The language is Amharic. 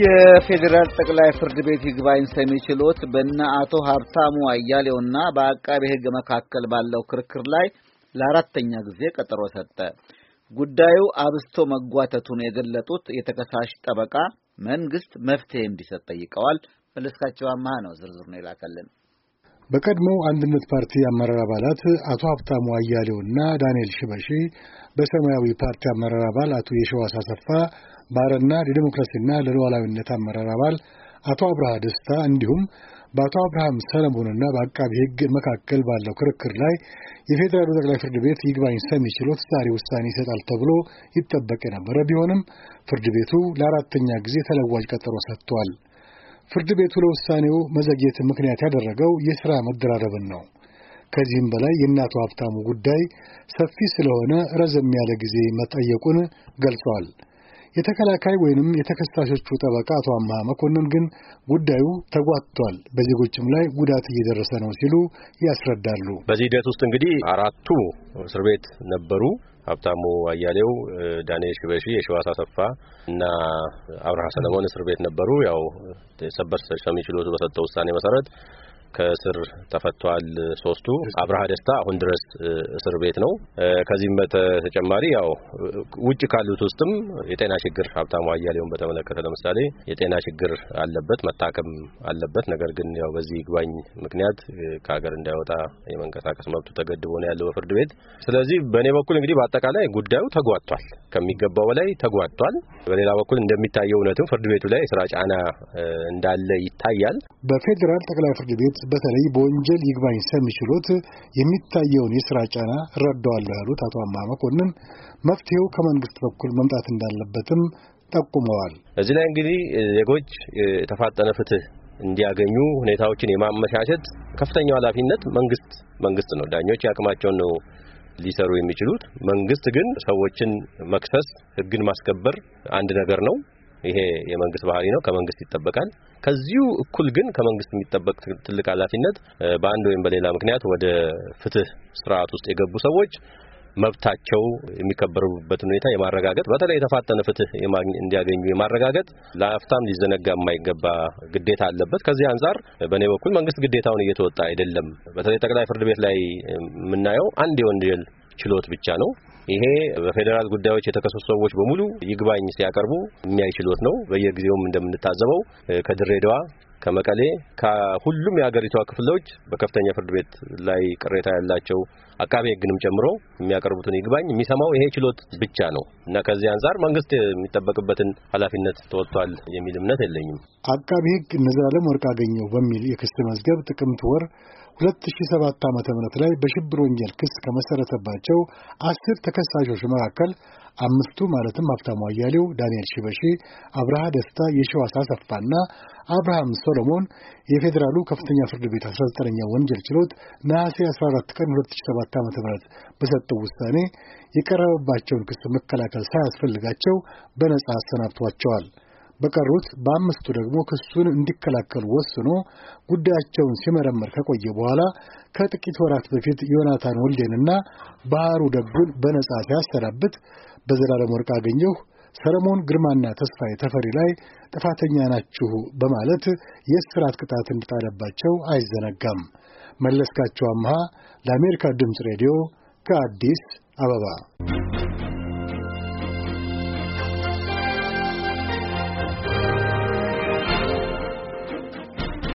የፌዴራል ጠቅላይ ፍርድ ቤት ይግባኝ ሰሚ ችሎት በእነ አቶ ሀብታሙ አያሌውና በአቃቤ ሕግ መካከል ባለው ክርክር ላይ ለአራተኛ ጊዜ ቀጠሮ ሰጠ። ጉዳዩ አብስቶ መጓተቱን የገለጡት የተከሳሽ ጠበቃ መንግስት መፍትሄ እንዲሰጥ ጠይቀዋል። መለስካቸው አማሃ ነው ዝርዝር ነው የላከልን። በቀድሞው አንድነት ፓርቲ አመራር አባላት አቶ ሀብታሙ አያሌውና ዳንኤል ሽበሺ፣ በሰማያዊ ፓርቲ አመራር አባል አቶ የሸዋስ አሰፋ ባረና ለዲሞክራሲና ለሉዓላዊነት አመራር አባል አቶ አብርሃ ደስታ እንዲሁም በአቶ አብርሃም ሰለሞንና በአቃቢ ሕግ መካከል ባለው ክርክር ላይ የፌዴራሉ ጠቅላይ ፍርድ ቤት ይግባኝ ሰሚ ችሎት ዛሬ ውሳኔ ይሰጣል ተብሎ ይጠበቅ የነበረ ቢሆንም ፍርድ ቤቱ ለአራተኛ ጊዜ ተለዋጅ ቀጠሮ ሰጥቷል። ፍርድ ቤቱ ለውሳኔው መዘግየት ምክንያት ያደረገው የሥራ መደራረብን ነው። ከዚህም በላይ የእናቱ ሀብታሙ ጉዳይ ሰፊ ስለሆነ ረዘም ያለ ጊዜ መጠየቁን ገልጿል። የተከላካይ ወይንም የተከሳሾቹ ጠበቃ አቶ አምሃ መኮንን ግን ጉዳዩ ተጓትቷል፣ በዜጎችም ላይ ጉዳት እየደረሰ ነው ሲሉ ያስረዳሉ። በዚህ ሂደት ውስጥ እንግዲህ አራቱ እስር ቤት ነበሩ። ሀብታሙ አያሌው፣ ዳንኤል ሽበሺ፣ የሸዋስ አሰፋ እና አብርሃ ሰለሞን እስር ቤት ነበሩ። ያው ሰበር ሰሚ ችሎቱ በሰጠው ውሳኔ መሰረት ከእስር ተፈቷል። ሶስቱ አብርሃ ደስታ አሁን ድረስ እስር ቤት ነው። ከዚህም በተጨማሪ ያው ውጭ ካሉት ውስጥም የጤና ችግር ሀብታሙ አያሌውን በተመለከተ ለምሳሌ የጤና ችግር አለበት፣ መታከም አለበት። ነገር ግን ያው በዚህ ይግባኝ ምክንያት ከሀገር እንዳይወጣ የመንቀሳቀስ መብቱ ተገድቦ ነው ያለው በፍርድ ቤት። ስለዚህ በእኔ በኩል እንግዲህ በአጠቃላይ ጉዳዩ ተጓቷል፣ ከሚገባው በላይ ተጓቷል። በሌላ በኩል እንደሚታየው እውነትም ፍርድ ቤቱ ላይ የስራ ጫና እንዳለ ይታያል። በፌዴራል ጠቅላይ ፍርድ ቤት በተለይ በወንጀል ይግባኝ ሰሚ ችሎት የሚታየውን የስራ ጫና እረዳዋለሁ ያሉት አቶ አማ መኮንን መፍትሄው ከመንግስት በኩል መምጣት እንዳለበትም ጠቁመዋል። እዚህ ላይ እንግዲህ ዜጎች የተፋጠነ ፍትህ እንዲያገኙ ሁኔታዎችን የማመቻቸት ከፍተኛው ኃላፊነት መንግስት መንግስት ነው። ዳኞች የአቅማቸውን ነው ሊሰሩ የሚችሉት። መንግስት ግን ሰዎችን መክሰስ፣ ህግን ማስከበር አንድ ነገር ነው። ይሄ የመንግስት ባህሪ ነው፣ ከመንግስት ይጠበቃል። ከዚሁ እኩል ግን ከመንግስት የሚጠበቅ ትልቅ ኃላፊነት በአንድ ወይም በሌላ ምክንያት ወደ ፍትህ ስርዓት ውስጥ የገቡ ሰዎች መብታቸው የሚከበሩበትን ሁኔታ የማረጋገጥ በተለይ የተፋጠነ ፍትህ እንዲያገኙ የማረጋገጥ ለአፍታም ሊዘነጋ የማይገባ ግዴታ አለበት። ከዚህ አንጻር በእኔ በኩል መንግስት ግዴታውን እየተወጣ አይደለም። በተለይ ጠቅላይ ፍርድ ቤት ላይ የምናየው አንድ የወንጀል ችሎት ብቻ ነው። ይሄ በፌዴራል ጉዳዮች የተከሰሱ ሰዎች በሙሉ ይግባኝ ሲያቀርቡ የሚያይ ችሎት ነው። በየጊዜውም እንደምንታዘበው ከድሬዳዋ ከመቀሌ ከሁሉም የሀገሪቷ ክፍሎች በከፍተኛ ፍርድ ቤት ላይ ቅሬታ ያላቸው አቃቤ ሕግንም ጨምሮ የሚያቀርቡትን ይግባኝ የሚሰማው ይሄ ችሎት ብቻ ነው እና ከዚህ አንጻር መንግስት የሚጠበቅበትን ኃላፊነት ተወጥቷል የሚል እምነት የለኝም። አቃቤ ሕግ እነ ዘላለም ወርቅ አገኘው በሚል የክስ መዝገብ ጥቅምት ወር 2007 ዓ.ም ላይ በሽብር ወንጀል ክስ ከመሰረተባቸው አስር ተከሳሾች መካከል አምስቱ ማለትም ሀብታሙ አያሌው፣ ዳንኤል ሽበሺ፣ አብርሃ ደስታ፣ የሸዋስ አሰፋና አብርሃም ሶሎሞን የፌዴራሉ ከፍተኛ ፍርድ ቤት 19ኛ ወንጀል ችሎት ነሐሴ 14 ቀን 2007 ዓ ም በሰጠው ውሳኔ የቀረበባቸውን ክስ መከላከል ሳያስፈልጋቸው በነጻ አሰናብቷቸዋል። በቀሩት በአምስቱ ደግሞ ክሱን እንዲከላከሉ ወስኖ ጉዳያቸውን ሲመረመር ከቆየ በኋላ ከጥቂት ወራት በፊት ዮናታን ወልዴንና ባህሩ ደጉን በነጻ ሲያሰናብት በዘላለም ወርቅ አገኘሁ ሰለሞን ግርማና ተስፋዬ ተፈሪ ላይ ጥፋተኛ ናችሁ በማለት የእስራት ቅጣት እንዲጣለባቸው አይዘነጋም። መለስካቸው አምሃ ለአሜሪካ ድምፅ ሬዲዮ ከአዲስ አበባ